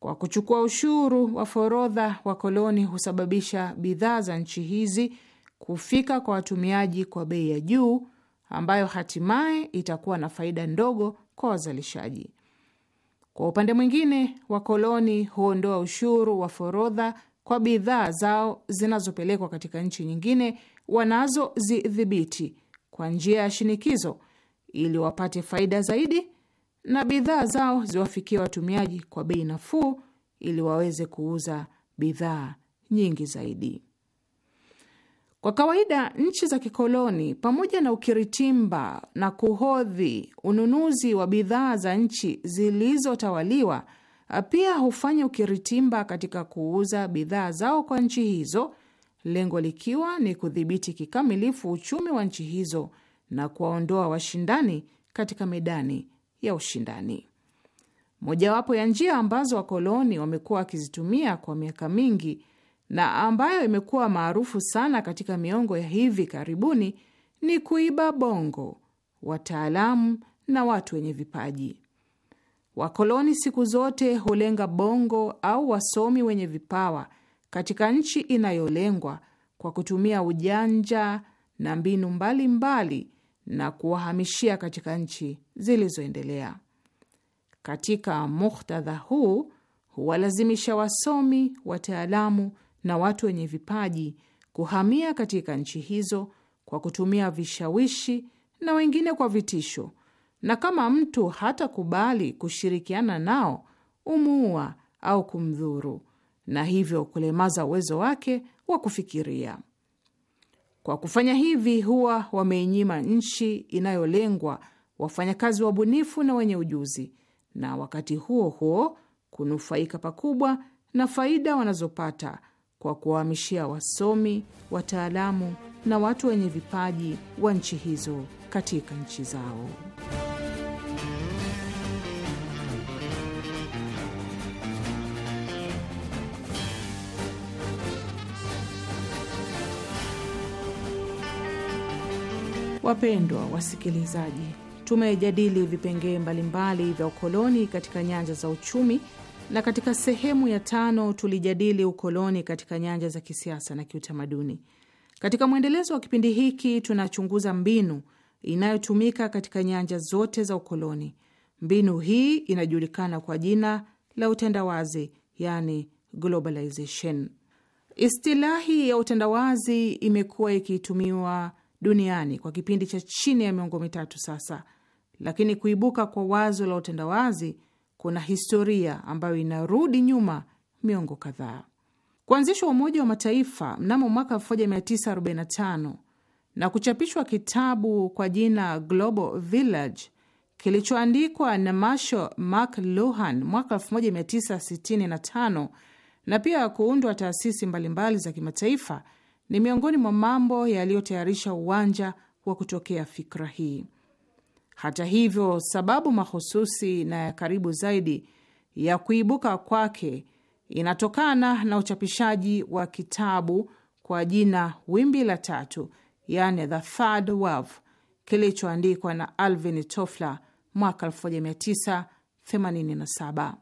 Kwa kuchukua ushuru wa forodha, wa koloni husababisha bidhaa za nchi hizi kufika kwa watumiaji kwa bei ya juu ambayo hatimaye itakuwa na faida ndogo kwa wazalishaji. Kwa upande mwingine, wakoloni huondoa ushuru wa forodha kwa bidhaa zao zinazopelekwa katika nchi nyingine wanazozidhibiti kwa njia ya shinikizo, ili wapate faida zaidi na bidhaa zao ziwafikie watumiaji kwa bei nafuu, ili waweze kuuza bidhaa nyingi zaidi. Kwa kawaida nchi za kikoloni, pamoja na ukiritimba na kuhodhi ununuzi wa bidhaa za nchi zilizotawaliwa, pia hufanya ukiritimba katika kuuza bidhaa zao kwa nchi hizo, lengo likiwa ni kudhibiti kikamilifu uchumi wa nchi hizo na kuwaondoa washindani katika medani ya ushindani. Mojawapo ya njia ambazo wakoloni wamekuwa wakizitumia kwa miaka mingi na ambayo imekuwa maarufu sana katika miongo ya hivi karibuni ni kuiba bongo, wataalamu na watu wenye vipaji. Wakoloni siku zote hulenga bongo au wasomi wenye vipawa katika nchi inayolengwa kwa kutumia ujanja na mbinu mbalimbali mbali na kuwahamishia katika nchi zilizoendelea. Katika muktadha huu huwalazimisha wasomi, wataalamu na watu wenye vipaji kuhamia katika nchi hizo kwa kutumia vishawishi na wengine kwa vitisho, na kama mtu hatakubali kushirikiana nao umuua au kumdhuru, na hivyo kulemaza uwezo wake wa kufikiria. Kwa kufanya hivi, huwa wameinyima nchi inayolengwa wafanyakazi wabunifu na wenye ujuzi, na wakati huo huo kunufaika pakubwa na faida wanazopata kwa kuwahamishia wasomi, wataalamu na watu wenye vipaji wa nchi hizo katika nchi zao. Wapendwa wasikilizaji, tumejadili vipengee mbalimbali vya ukoloni katika nyanja za uchumi na katika sehemu ya tano tulijadili ukoloni katika nyanja za kisiasa na kiutamaduni. Katika mwendelezo wa kipindi hiki tunachunguza mbinu inayotumika katika nyanja zote za ukoloni. Mbinu hii inajulikana kwa jina la utandawazi, yani globalization. Istilahi ya utandawazi imekuwa ikitumiwa duniani kwa kipindi cha chini ya miongo mitatu sasa, lakini kuibuka kwa wazo la utandawazi kuna historia ambayo inarudi nyuma miongo kadhaa. Kuanzishwa Umoja wa Mataifa mnamo mwaka 1945 na kuchapishwa kitabu kwa jina Global Village kilichoandikwa na Marshall McLuhan mwaka 1965 na pia kuundwa taasisi mbalimbali za kimataifa ni miongoni mwa mambo yaliyotayarisha uwanja wa kutokea fikra hii. Hata hivyo, sababu mahususi na ya karibu zaidi ya kuibuka kwake inatokana na uchapishaji wa kitabu kwa jina Wimbi la Tatu, yani The Third Wave, kilichoandikwa na Alvin Toffler mwaka 1987.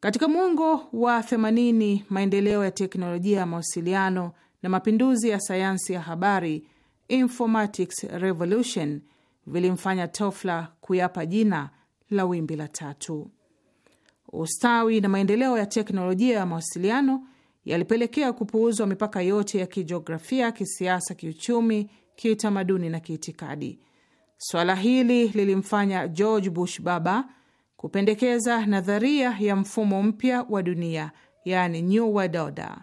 Katika muongo wa 80, maendeleo ya teknolojia ya mawasiliano na mapinduzi ya sayansi ya habari, informatics revolution, vilimfanya tofla kuyapa jina la wimbi la tatu. Ustawi na maendeleo ya teknolojia ya mawasiliano yalipelekea kupuuzwa mipaka yote ya kijiografia, kisiasa, kiuchumi, kiutamaduni na kiitikadi. Swala hili lilimfanya George Bush baba kupendekeza nadharia ya mfumo mpya wa dunia, yani New World Order.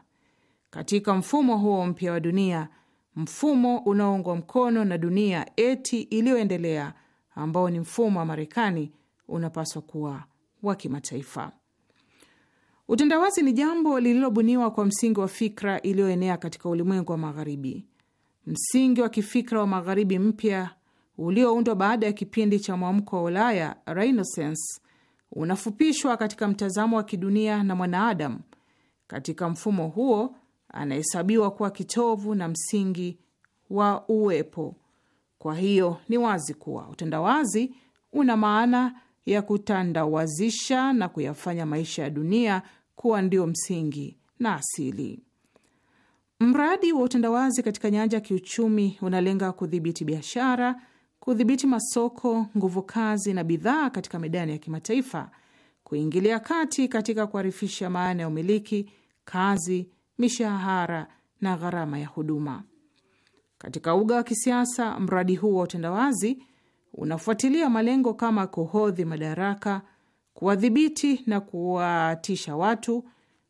Katika mfumo huo mpya wa dunia mfumo unaoungwa mkono na dunia eti iliyoendelea ambao ni mfumo wa Marekani unapaswa kuwa wa kimataifa. Utandawazi ni jambo lililobuniwa kwa msingi wa fikra iliyoenea katika ulimwengu wa Magharibi. Msingi wa kifikra wa Magharibi mpya ulioundwa baada ya kipindi cha mwamko wa Ulaya, Renaissance, unafupishwa katika mtazamo wa kidunia na mwanaadamu. Katika mfumo huo anahesabiwa kuwa kitovu na msingi wa uwepo. Kwa hiyo ni wazi kuwa utandawazi una maana ya kutandawazisha na kuyafanya maisha ya dunia kuwa ndio msingi na asili. Mradi wa utandawazi katika nyanja ya kiuchumi unalenga kudhibiti biashara, kudhibiti masoko, nguvu kazi na bidhaa katika medani ya kimataifa, kuingilia kati katika kuharifisha maana ya umiliki, kazi mishahara na gharama ya huduma. Katika uga wa kisiasa, mradi huu wa utendawazi unafuatilia malengo kama kuhodhi madaraka, kuwadhibiti na kuwatisha watu,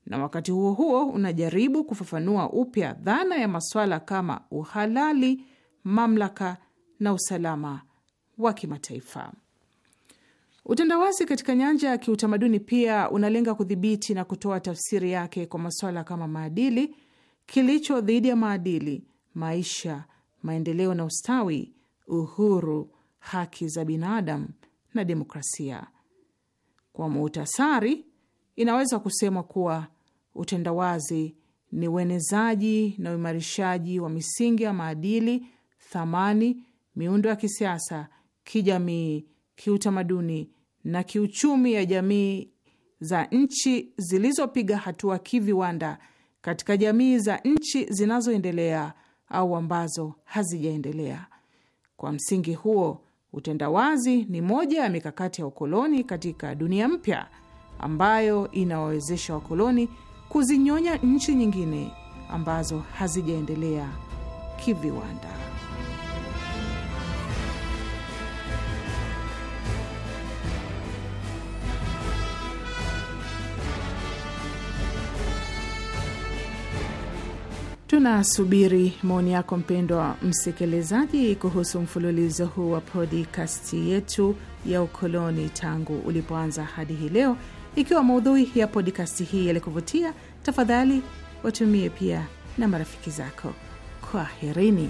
na wakati huo huo unajaribu kufafanua upya dhana ya maswala kama uhalali, mamlaka na usalama wa kimataifa. Utandawazi katika nyanja ya kiutamaduni pia unalenga kudhibiti na kutoa tafsiri yake kwa masuala kama maadili, kilicho dhidi ya maadili, maisha, maendeleo na ustawi, uhuru, haki za binadamu na demokrasia. Kwa muhtasari, inaweza kusemwa kuwa utendawazi ni uenezaji na uimarishaji wa misingi ya maadili, thamani, miundo ya kisiasa, kijamii, kiutamaduni na kiuchumi ya jamii za nchi zilizopiga hatua kiviwanda katika jamii za nchi zinazoendelea au ambazo hazijaendelea. Kwa msingi huo, utendawazi ni moja ya mikakati ya ukoloni katika dunia mpya ambayo inawawezesha wakoloni kuzinyonya nchi nyingine ambazo hazijaendelea kiviwanda. Tunasubiri maoni yako mpendwa msikilizaji, kuhusu mfululizo huu wa podikasti yetu ya ukoloni tangu ulipoanza hadi hii leo. Ikiwa maudhui ya podikasti hii yalikuvutia, tafadhali watumie pia na marafiki zako. Kwaherini.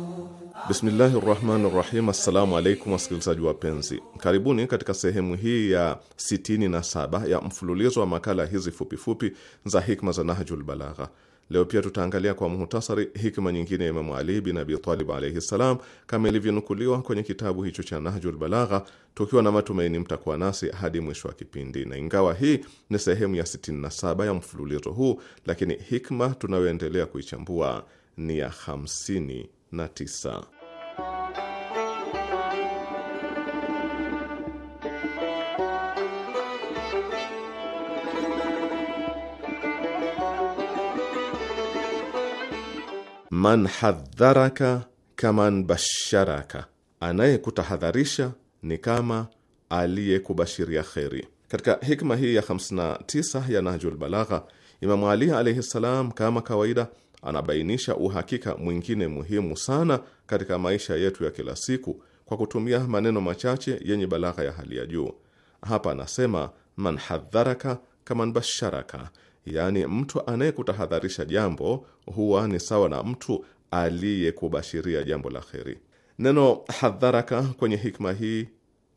Bismillahi rahmani rahim. Assalamu alaikum wasikilizaji wapenzi, karibuni katika sehemu hii ya 67 ya mfululizo wa makala hizi fupifupi za hikma za Nahjul Balagha. Leo pia tutaangalia kwa muhtasari hikma nyingine ya Imamu Ali bin Abi Talib alaihi ssalam, kama ilivyonukuliwa kwenye kitabu hicho cha Nahjul Balagha, tukiwa na matumaini mtakuwa nasi hadi mwisho wa kipindi. Na ingawa hii ni sehemu ya 67 ya mfululizo huu, lakini hikma tunayoendelea kuichambua ni ya 50 na tisa. Man hadharaka kaman basharaka, anayekutahadharisha ni kama aliyekubashiria kheri. Katika hikma hii ya 59 ya Nahjul Balagha, Imamu Ali alaihi ssalam, kama kawaida anabainisha uhakika mwingine muhimu sana katika maisha yetu ya kila siku kwa kutumia maneno machache yenye balagha ya hali ya juu. Hapa anasema man hadharaka kaman basharaka, yaani mtu anayekutahadharisha jambo huwa ni sawa na mtu aliyekubashiria jambo la kheri. Neno hadharaka kwenye hikma hii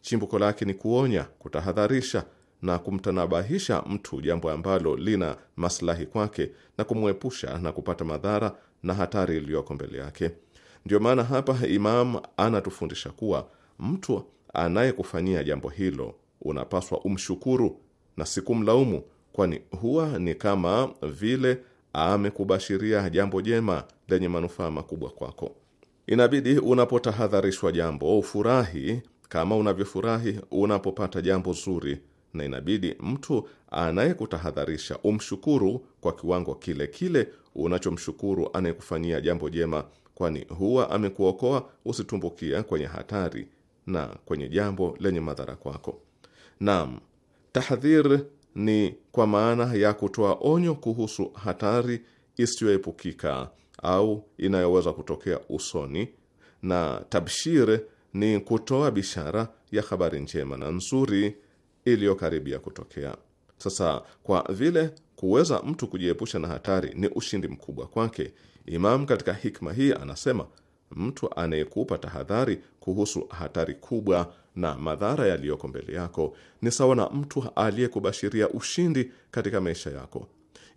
chimbuko lake ni kuonya, kutahadharisha na kumtanabahisha mtu jambo ambalo lina maslahi kwake na kumwepusha na kupata madhara na hatari iliyoko mbele yake. Ndiyo maana hapa Imam anatufundisha kuwa mtu anayekufanyia jambo hilo unapaswa umshukuru na si kumlaumu, kwani huwa ni kama vile amekubashiria jambo jema lenye manufaa makubwa kwako. Inabidi unapotahadharishwa jambo ufurahi kama unavyofurahi unapopata jambo zuri na inabidi mtu anayekutahadharisha umshukuru kwa kiwango kile kile unachomshukuru anayekufanyia jambo jema, kwani huwa amekuokoa usitumbukia kwenye hatari na kwenye jambo lenye madhara kwako. Naam, tahdhir ni kwa maana ya kutoa onyo kuhusu hatari isiyoepukika au inayoweza kutokea usoni, na tabshir ni kutoa bishara ya habari njema na nzuri iliyokaribia kutokea. Sasa kwa vile kuweza mtu kujiepusha na hatari ni ushindi mkubwa kwake, Imam katika hikma hii anasema mtu anayekupa tahadhari kuhusu hatari kubwa na madhara yaliyoko mbele yako ni sawa na mtu aliyekubashiria ushindi katika maisha yako.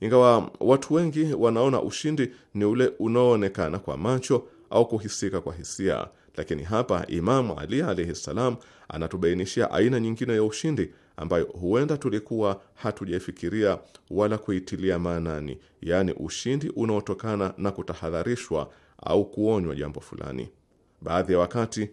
Ingawa watu wengi wanaona ushindi ni ule unaoonekana kwa macho au kuhisika kwa hisia, lakini hapa Imamu Ali alaihi ssalam anatubainishia aina nyingine ya ushindi ambayo huenda tulikuwa hatujaifikiria wala kuitilia maanani, yaani ushindi unaotokana na kutahadharishwa au kuonywa jambo fulani. Baadhi ya wakati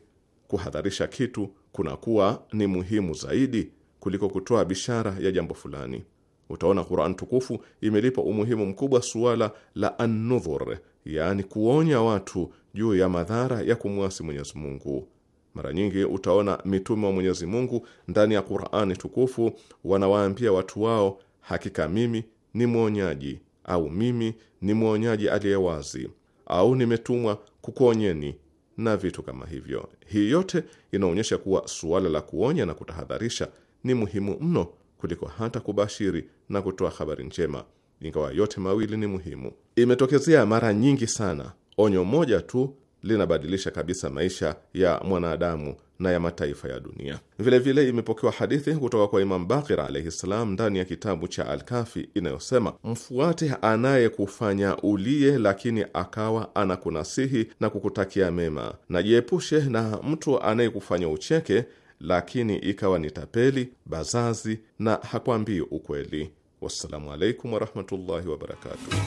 kuhadharisha kitu kunakuwa ni muhimu zaidi kuliko kutoa bishara ya jambo fulani. Utaona Qur'an tukufu imelipa umuhimu mkubwa suala la an yaani kuonya watu juu ya madhara ya kumwasi Mwenyezi Mungu. Mara nyingi utaona mitume wa Mwenyezi Mungu ndani ya Qur'ani tukufu wanawaambia watu wao, hakika mimi ni mwonyaji au mimi ni mwonyaji aliye wazi au nimetumwa kukuonyeni na vitu kama hivyo. Hii yote inaonyesha kuwa suala la kuonya na kutahadharisha ni muhimu mno kuliko hata kubashiri na kutoa habari njema, ingawa yote mawili ni muhimu. Imetokezea mara nyingi sana. Onyo moja tu linabadilisha kabisa maisha ya mwanadamu na ya mataifa ya dunia. Vilevile vile imepokewa hadithi kutoka kwa Imam Bakir alaihi ssalam ndani ya kitabu cha Alkafi inayosema, mfuate anayekufanya ulie, lakini akawa anakunasihi na kukutakia mema, na jiepushe na mtu anayekufanya ucheke, lakini ikawa ni tapeli, bazazi na hakwambii ukweli. Wassalamu alaikum warahmatullahi wabarakatuh.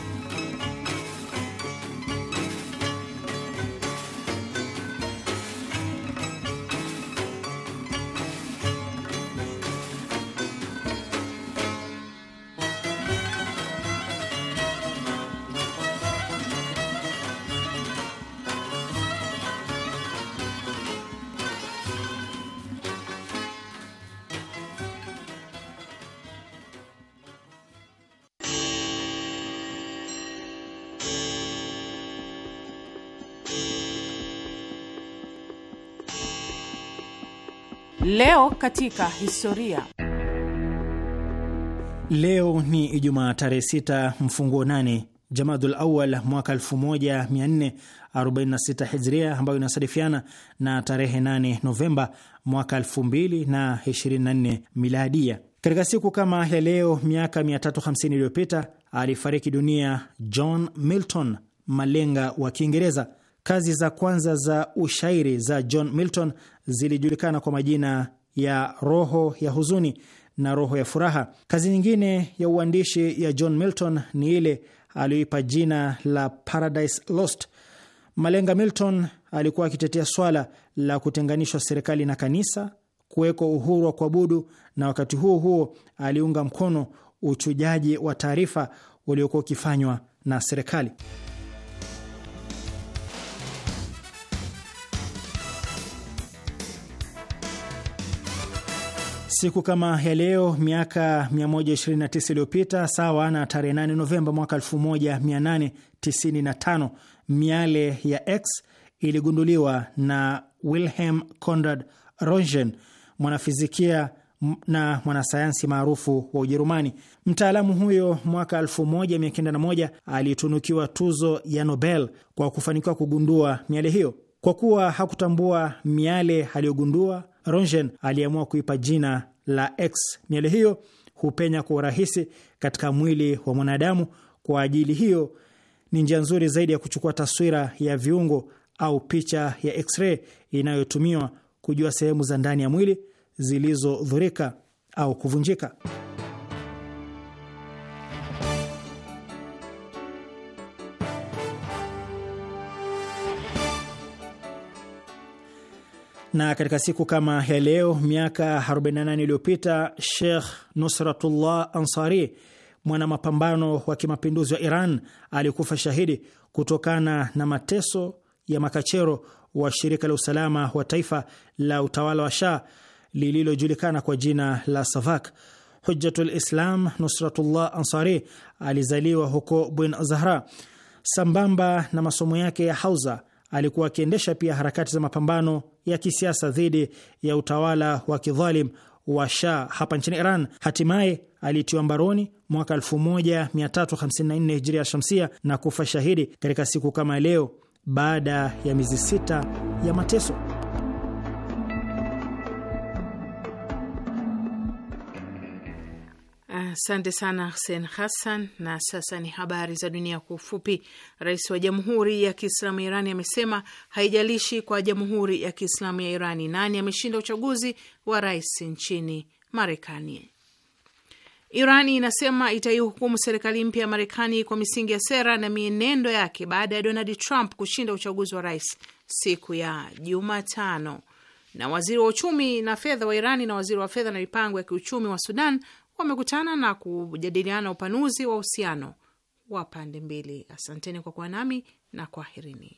katika historia. Leo ni Ijumaa tarehe 6 mfunguo 8 Jamadul Awal mwaka 1446 Hijria, ambayo inasadifiana na tarehe 8 Novemba mwaka 2024 Miladia. Katika siku kama ya leo miaka 350 iliyopita alifariki dunia John Milton, malenga wa Kiingereza. Kazi za kwanza za ushairi za John Milton zilijulikana kwa majina ya roho ya huzuni na roho ya furaha. Kazi nyingine ya uandishi ya John Milton ni ile aliyoipa jina la Paradise Lost. Malenga Milton alikuwa akitetea swala la kutenganishwa serikali na kanisa, kuwekwa uhuru wa kuabudu, na wakati huo huo aliunga mkono uchujaji wa taarifa uliokuwa ukifanywa na serikali. Siku kama ya leo miaka 129 iliyopita, sawa na tarehe 8 Novemba mwaka 1895, miale ya X iligunduliwa na Wilhelm Conrad Rontgen, mwanafizikia na mwanasayansi maarufu wa Ujerumani. Mtaalamu huyo mwaka 1901 alitunukiwa tuzo ya Nobel kwa kufanikiwa kugundua miale hiyo. Kwa kuwa hakutambua miale aliyogundua Rongen aliamua kuipa jina la X. Miale hiyo hupenya kwa urahisi katika mwili wa mwanadamu. Kwa ajili hiyo, ni njia nzuri zaidi ya kuchukua taswira ya viungo au picha ya X-ray inayotumiwa kujua sehemu za ndani ya mwili zilizodhurika au kuvunjika. Na katika siku kama ya leo miaka 48 iliyopita Sheikh Nusratullah Ansari, mwana mapambano wa kimapinduzi wa Iran, alikufa shahidi kutokana na mateso ya makachero wa shirika la usalama wa taifa la utawala wa Shah lililojulikana kwa jina la SAVAK. Hujjatul Islam Nusratullah Ansari alizaliwa huko Bwin Zahra. Sambamba na masomo yake ya hauza, alikuwa akiendesha pia harakati za mapambano ya kisiasa dhidi ya utawala wa kidhalim wa Shah hapa nchini Iran. Hatimaye alitiwa mbaroni mwaka 1354 Hijria Shamsia na kufa shahidi katika siku kama leo baada ya miezi sita ya mateso. Asante sana Hussein Hassan. Na sasa ni habari za dunia kwa ufupi. Rais wa Jamhuri ya Kiislamu ya Irani amesema haijalishi kwa Jamhuri ya Kiislamu ya Irani nani ameshinda uchaguzi wa rais nchini Marekani. Irani inasema itaihukumu serikali mpya ya Marekani kwa misingi ya sera na mienendo yake baada ya Donald Trump kushinda uchaguzi wa rais siku ya Jumatano. Na waziri wa uchumi na fedha wa Irani na waziri wa fedha na mipango ya kiuchumi wa Sudan wamekutana na kujadiliana upanuzi wa uhusiano wa pande mbili. Asanteni kwa kuwa nami na kwaherini.